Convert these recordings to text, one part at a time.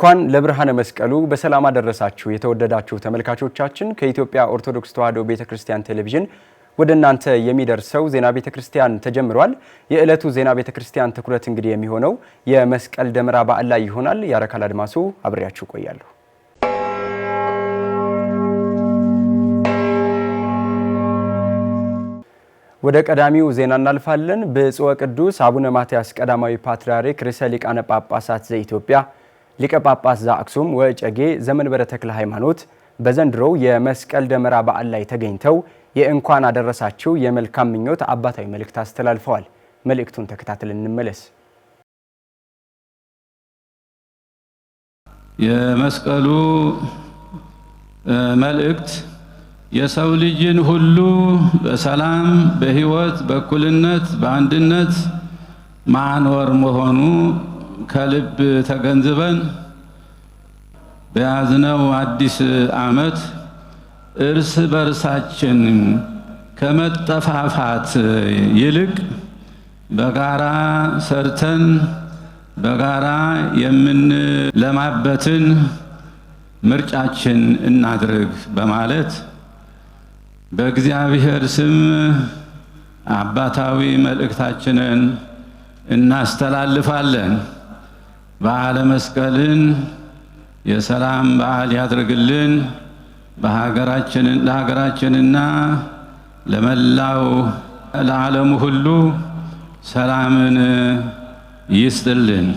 እንኳን ለብርሃነ መስቀሉ በሰላም አደረሳችሁ። የተወደዳችሁ ተመልካቾቻችን ከኢትዮጵያ ኦርቶዶክስ ተዋሕዶ ቤተ ክርስቲያን ቴሌቪዥን ወደ እናንተ የሚደርሰው ዜና ቤተ ክርስቲያን ተጀምሯል። የዕለቱ ዜና ቤተ ክርስቲያን ትኩረት እንግዲህ የሚሆነው የመስቀል ደመራ በዓል ላይ ይሆናል። ያረካል አድማሱ አብሬያችሁ ቆያለሁ። ወደ ቀዳሚው ዜና እናልፋለን። ብፁዕ ወቅዱስ አቡነ ማትያስ ቀዳማዊ ፓትርያርክ ርዕሰ ሊቃነ ጳጳሳት ዘኢትዮጵያ ሊቀ ጳጳስ ዘአክሱም ወጨጌ ዘመንበረ ተክለ ሃይማኖት በዘንድሮው የመስቀል ደመራ በዓል ላይ ተገኝተው የእንኳን አደረሳችሁ የመልካም ምኞት አባታዊ መልእክት አስተላልፈዋል። መልእክቱን ተከታትለን እንመለስ። የመስቀሉ መልእክት የሰው ልጅን ሁሉ በሰላም በሕይወት፣ በእኩልነት፣ በአንድነት ማኖር መሆኑ ከልብ ተገንዝበን በያዝነው አዲስ ዓመት እርስ በርሳችን ከመጠፋፋት ይልቅ በጋራ ሰርተን በጋራ የምንለማበትን ምርጫችን እናድርግ በማለት በእግዚአብሔር ስም አባታዊ መልእክታችንን እናስተላልፋለን። በዓለ መስቀልን የሰላም በዓል ያድርግልን። ለሀገራችንና ለመላው ለዓለሙ ሁሉ ሰላምን ይስጥልን።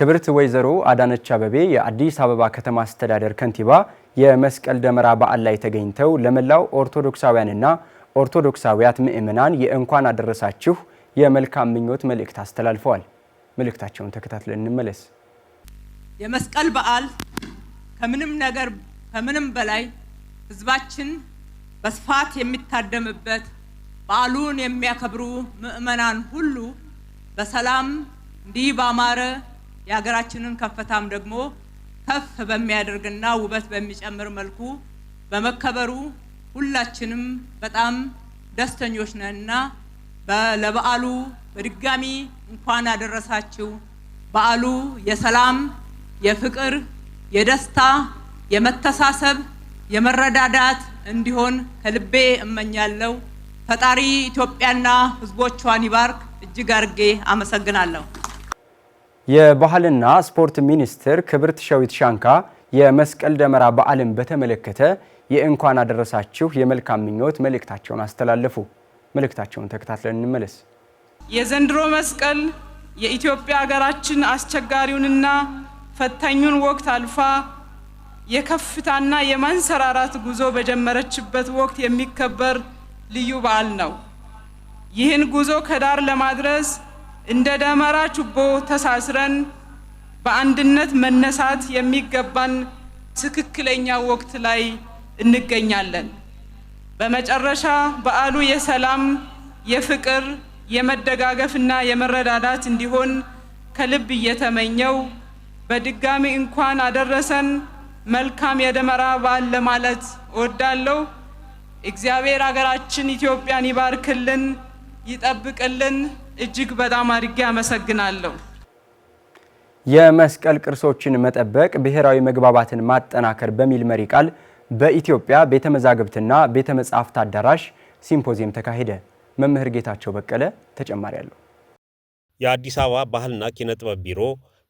ክብርት ወይዘሮ አዳነች አበቤ የአዲስ አበባ ከተማ አስተዳደር ከንቲባ የመስቀል ደመራ በዓል ላይ ተገኝተው ለመላው ኦርቶዶክሳውያንና ኦርቶዶክሳውያት ምእመናን የእንኳን አደረሳችሁ የመልካም ምኞት መልእክት አስተላልፈዋል። መልእክታቸውን ተከታትለን እንመለስ። የመስቀል በዓል ከምንም ነገር ከምንም በላይ ህዝባችን በስፋት የሚታደምበት በዓሉን የሚያከብሩ ምእመናን ሁሉ በሰላም እንዲህ ባማረ የሀገራችንን ከፍታም ደግሞ ከፍ በሚያደርግና ውበት በሚጨምር መልኩ በመከበሩ ሁላችንም በጣም ደስተኞች ነንና ለበዓሉ በድጋሚ እንኳን አደረሳችሁ። በዓሉ የሰላም፣ የፍቅር፣ የደስታ፣ የመተሳሰብ፣ የመረዳዳት እንዲሆን ከልቤ እመኛለሁ። ፈጣሪ ኢትዮጵያና ሕዝቦቿን ይባርክ። እጅግ አርጌ አመሰግናለሁ። የባህልና ስፖርት ሚኒስትር ክብርት ሸዊት ሻንካ የመስቀል ደመራ በዓልን በተመለከተ የእንኳን አደረሳችሁ የመልካም ምኞት መልእክታቸውን አስተላለፉ። መልእክታቸውን ተከታትለን እንመለስ። የዘንድሮ መስቀል የኢትዮጵያ ሀገራችን አስቸጋሪውንና ፈታኙን ወቅት አልፋ የከፍታና የማንሰራራት ጉዞ በጀመረችበት ወቅት የሚከበር ልዩ በዓል ነው። ይህን ጉዞ ከዳር ለማድረስ እንደ ደመራ ችቦ ተሳስረን በአንድነት መነሳት የሚገባን ትክክለኛ ወቅት ላይ እንገኛለን። በመጨረሻ በዓሉ የሰላም፣ የፍቅር፣ የመደጋገፍና የመረዳዳት እንዲሆን ከልብ እየተመኘው በድጋሚ እንኳን አደረሰን መልካም የደመራ በዓል ለማለት እወዳለሁ። እግዚአብሔር ሀገራችን ኢትዮጵያን ይባርክልን፣ ይጠብቅልን። እጅግ በጣም አድርጌ አመሰግናለሁ። የመስቀል ቅርሶችን መጠበቅ ብሔራዊ መግባባትን ማጠናከር በሚል መሪ ቃል በኢትዮጵያ ቤተ መዛግብትና ቤተ መጻሕፍት አዳራሽ ሲምፖዚየም ተካሄደ። መምህር ጌታቸው በቀለ ተጨማሪ አለው። የአዲስ አበባ ባህልና ኪነ ጥበብ ቢሮ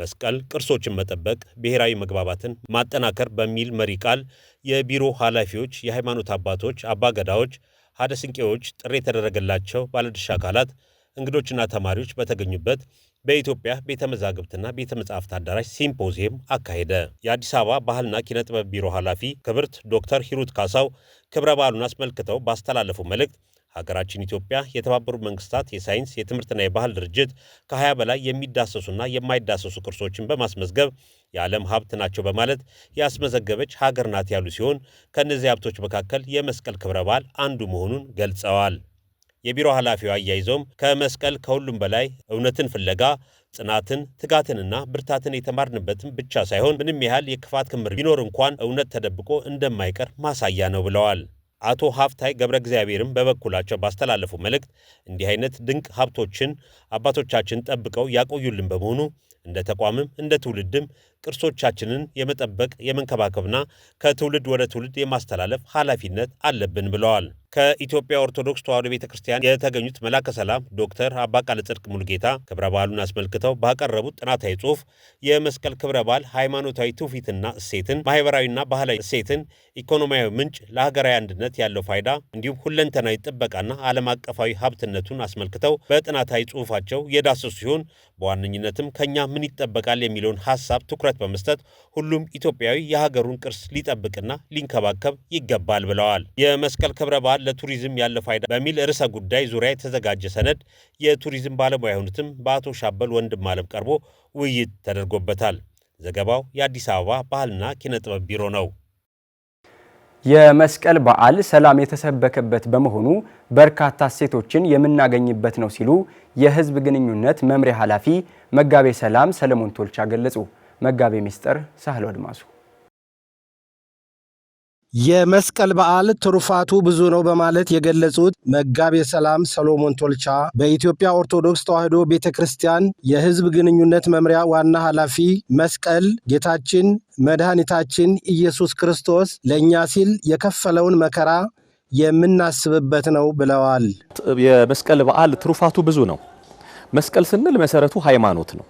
መስቀል ቅርሶችን መጠበቅ ብሔራዊ መግባባትን ማጠናከር በሚል መሪ ቃል የቢሮ ኃላፊዎች፣ የሃይማኖት አባቶች፣ አባገዳዎች፣ ሀደ ስንቄዎች፣ ጥሪ የተደረገላቸው ባለድርሻ አካላት እንግዶችና ተማሪዎች በተገኙበት በኢትዮጵያ ቤተ መዛግብትና ቤተ መጻሕፍት አዳራሽ ሲምፖዚየም አካሄደ። የአዲስ አበባ ባህልና ኪነ ጥበብ ቢሮ ኃላፊ ክብርት ዶክተር ሂሩት ካሳው ክብረ በዓሉን አስመልክተው ባስተላለፉ መልእክት ሀገራችን ኢትዮጵያ የተባበሩት መንግስታት የሳይንስ የትምህርትና የባህል ድርጅት ከ20 በላይ የሚዳሰሱና የማይዳሰሱ ቅርሶችን በማስመዝገብ የዓለም ሀብት ናቸው በማለት ያስመዘገበች ሀገር ናት ያሉ ሲሆን ከእነዚህ ሀብቶች መካከል የመስቀል ክብረ በዓል አንዱ መሆኑን ገልጸዋል። የቢሮ ኃላፊው አያይዘውም ከመስቀል ከሁሉም በላይ እውነትን ፍለጋ ጽናትን ትጋትንና ብርታትን የተማርንበትም ብቻ ሳይሆን ምንም ያህል የክፋት ክምር ቢኖር እንኳን እውነት ተደብቆ እንደማይቀር ማሳያ ነው ብለዋል። አቶ ሀፍታይ ገብረ እግዚአብሔርም በበኩላቸው ባስተላለፉ መልእክት እንዲህ አይነት ድንቅ ሀብቶችን አባቶቻችን ጠብቀው ያቆዩልን በመሆኑ እንደ ተቋምም እንደ ትውልድም ቅርሶቻችንን የመጠበቅ የመንከባከብና ከትውልድ ወደ ትውልድ የማስተላለፍ ኃላፊነት አለብን ብለዋል። ከኢትዮጵያ ኦርቶዶክስ ተዋሕዶ ቤተ ክርስቲያን የተገኙት መላከ ሰላም ዶክተር አባ ቃለ ጽድቅ ሙልጌታ ክብረ በዓሉን አስመልክተው ባቀረቡት ጥናታዊ ጽሑፍ የመስቀል ክብረ በዓል ሃይማኖታዊ ትውፊትና እሴትን፣ ማህበራዊና ባህላዊ እሴትን፣ ኢኮኖሚያዊ ምንጭ፣ ለሀገራዊ አንድነት ያለው ፋይዳ እንዲሁም ሁለንተናዊ ጥበቃና ዓለም አቀፋዊ ሀብትነቱን አስመልክተው በጥናታዊ ጽሑፋቸው የዳሰሱ ሲሆን በዋነኝነትም ከኛ ምን ይጠበቃል የሚለውን ሀሳብ ትኩረት ትኩረት በመስጠት ሁሉም ኢትዮጵያዊ የሀገሩን ቅርስ ሊጠብቅና ሊንከባከብ ይገባል ብለዋል። የመስቀል ክብረ በዓል ለቱሪዝም ያለ ፋይዳ በሚል ርዕሰ ጉዳይ ዙሪያ የተዘጋጀ ሰነድ የቱሪዝም ባለሙያ የሆኑትም በአቶ ሻበል ወንድም አለም ቀርቦ ውይይት ተደርጎበታል። ዘገባው የአዲስ አበባ ባህልና ኪነ ጥበብ ቢሮ ነው። የመስቀል በዓል ሰላም የተሰበከበት በመሆኑ በርካታ እሴቶችን የምናገኝበት ነው ሲሉ የሕዝብ ግንኙነት መምሪያ ኃላፊ መጋቤ ሰላም ሰለሞን ቶልቻ ገለጹ። መጋቢ ሚስጥር ሳህሎ አድማሱ የመስቀል በዓል ትሩፋቱ ብዙ ነው በማለት የገለጹት መጋቤ ሰላም ሰሎሞን ቶልቻ በኢትዮጵያ ኦርቶዶክስ ተዋሕዶ ቤተ ክርስቲያን የሕዝብ ግንኙነት መምሪያ ዋና ኃላፊ መስቀል ጌታችን መድኃኒታችን ኢየሱስ ክርስቶስ ለእኛ ሲል የከፈለውን መከራ የምናስብበት ነው ብለዋል። የመስቀል በዓል ትሩፋቱ ብዙ ነው። መስቀል ስንል መሰረቱ ሃይማኖት ነው።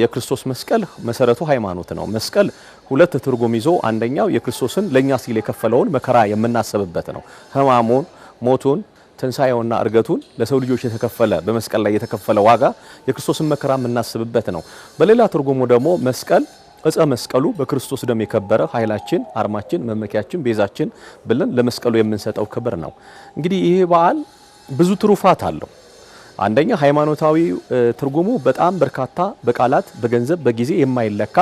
የክርስቶስ መስቀል መሰረቱ ሃይማኖት ነው። መስቀል ሁለት ትርጉም ይዞ አንደኛው የክርስቶስን ለእኛ ሲል የከፈለውን መከራ የምናስብበት ነው። ህማሙን ሞቱን፣ ትንሣኤውና እርገቱን ለሰው ልጆች የተከፈለ በመስቀል ላይ የተከፈለ ዋጋ የክርስቶስን መከራ የምናስብበት ነው። በሌላ ትርጉሙ ደግሞ መስቀል እጸ መስቀሉ በክርስቶስ ደም የከበረ ኃይላችን፣ አርማችን፣ መመኪያችን፣ ቤዛችን ብለን ለመስቀሉ የምንሰጠው ክብር ነው። እንግዲህ ይሄ በዓል ብዙ ትሩፋት አለው። አንደኛ ሃይማኖታዊ ትርጉሙ በጣም በርካታ በቃላት በገንዘብ በጊዜ የማይለካ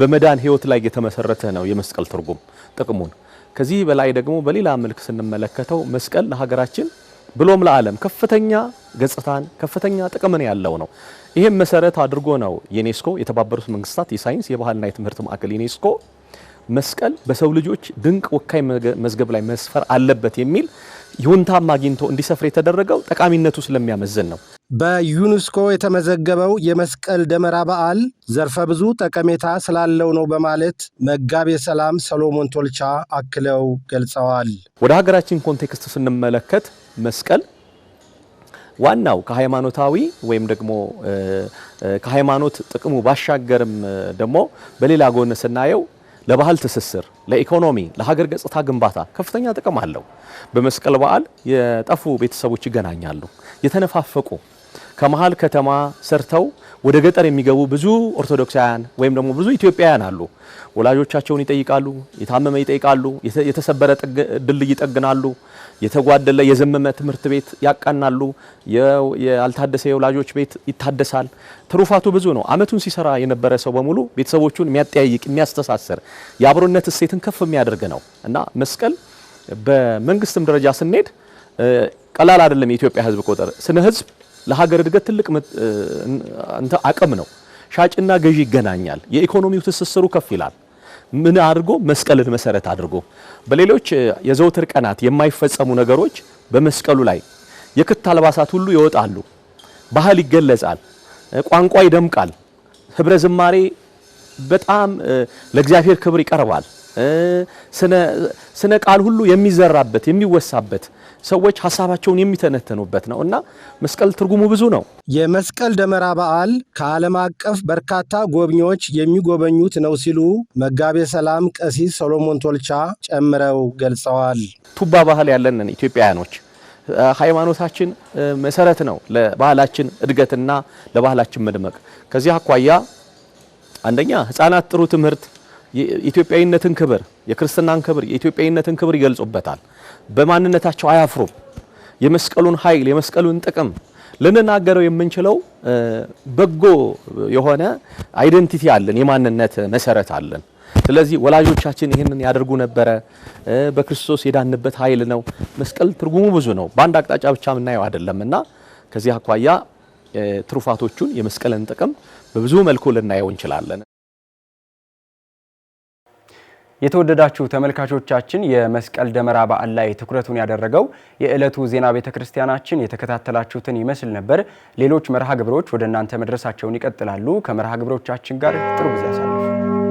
በመዳን ህይወት ላይ የተመሰረተ ነው የመስቀል ትርጉም ጥቅሙን። ከዚህ በላይ ደግሞ በሌላ መልክ ስንመለከተው መስቀል ለሀገራችን ብሎም ለዓለም ከፍተኛ ገጽታን ከፍተኛ ጥቅምን ያለው ነው። ይህም መሰረት አድርጎ ነው ዩኔስኮ የተባበሩት መንግስታት የሳይንስ የባህልና የትምህርት ማዕከል ዩኔስኮ መስቀል በሰው ልጆች ድንቅ ወካይ መዝገብ ላይ መስፈር አለበት የሚል ይሁንታም አግኝቶ እንዲሰፍር የተደረገው ጠቃሚነቱ ስለሚያመዝን ነው። በዩኒስኮ የተመዘገበው የመስቀል ደመራ በዓል ዘርፈ ብዙ ጠቀሜታ ስላለው ነው በማለት መጋቤ ሰላም ሰሎሞን ቶልቻ አክለው ገልጸዋል። ወደ ሀገራችን ኮንቴክስት ስንመለከት መስቀል ዋናው ከሃይማኖታዊ ወይም ደግሞ ከሃይማኖት ጥቅሙ ባሻገርም ደግሞ በሌላ ጎን ስናየው ለባህል ትስስር፣ ለኢኮኖሚ፣ ለሀገር ገጽታ ግንባታ ከፍተኛ ጥቅም አለው። በመስቀል በዓል የጠፉ ቤተሰቦች ይገናኛሉ። የተነፋፈቁ ከመሀል ከተማ ሰርተው ወደ ገጠር የሚገቡ ብዙ ኦርቶዶክሳውያን ወይም ደግሞ ብዙ ኢትዮጵያውያን አሉ። ወላጆቻቸውን ይጠይቃሉ፣ የታመመ ይጠይቃሉ፣ የተሰበረ ድልድይ ይጠግናሉ። የተጓደለ የዘመመ ትምህርት ቤት ያቃናሉ። ያልታደሰ የወላጆች ቤት ይታደሳል። ትሩፋቱ ብዙ ነው። አመቱን ሲሰራ የነበረ ሰው በሙሉ ቤተሰቦቹን የሚያጠያይቅ የሚያስተሳስር፣ የአብሮነት እሴትን ከፍ የሚያደርግ ነው እና መስቀል በመንግስትም ደረጃ ስንሄድ ቀላል አይደለም። የኢትዮጵያ ህዝብ ቁጥር ስነ ህዝብ ለሀገር እድገት ትልቅ አቅም ነው። ሻጭና ገዢ ይገናኛል። የኢኮኖሚው ትስስሩ ከፍ ይላል። ምን አድርጎ መስቀልን መሰረት አድርጎ በሌሎች የዘውትር ቀናት የማይፈጸሙ ነገሮች በመስቀሉ ላይ የክት አልባሳት ሁሉ ይወጣሉ። ባህል ይገለጻል፣ ቋንቋ ይደምቃል፣ ህብረ ዝማሬ በጣም ለእግዚአብሔር ክብር ይቀርባል። ስነ ቃል ሁሉ የሚዘራበት የሚወሳበት ሰዎች ሀሳባቸውን የሚተነተኑበት ነው እና መስቀል ትርጉሙ ብዙ ነው። የመስቀል ደመራ በዓል ከዓለም አቀፍ በርካታ ጎብኚዎች የሚጎበኙት ነው ሲሉ መጋቤ ሰላም ቀሲስ ሶሎሞን ቶልቻ ጨምረው ገልጸዋል። ቱባ ባህል ያለንን ኢትዮጵያውያኖች ሃይማኖታችን መሰረት ነው ለባህላችን እድገትና ለባህላችን መድመቅ። ከዚህ አኳያ አንደኛ ህፃናት ጥሩ ትምህርት የኢትዮጵያዊነትን ክብር፣ የክርስትናን ክብር፣ የኢትዮጵያዊነትን ክብር ይገልጹበታል። በማንነታቸው አያፍሩም። የመስቀሉን ኃይል፣ የመስቀሉን ጥቅም ልንናገረው የምንችለው በጎ የሆነ አይደንቲቲ አለን፣ የማንነት መሰረት አለን። ስለዚህ ወላጆቻችን ይህንን ያደርጉ ነበረ። በክርስቶስ የዳንበት ኃይል ነው። መስቀል ትርጉሙ ብዙ ነው፣ በአንድ አቅጣጫ ብቻ የምናየው አይደለም እና ከዚህ አኳያ ትሩፋቶቹን የመስቀልን ጥቅም በብዙ መልኩ ልናየው እንችላለን። የተወደዳችሁ ተመልካቾቻችን የመስቀል ደመራ በዓል ላይ ትኩረቱን ያደረገው የዕለቱ ዜና ቤተ ክርስቲያናችን የተከታተላችሁትን ይመስል ነበር። ሌሎች መርሃ ግብሮች ወደ እናንተ መድረሳቸውን ይቀጥላሉ። ከመርሃ ግብሮቻችን ጋር ጥሩ ጊዜ ያሳልፉ።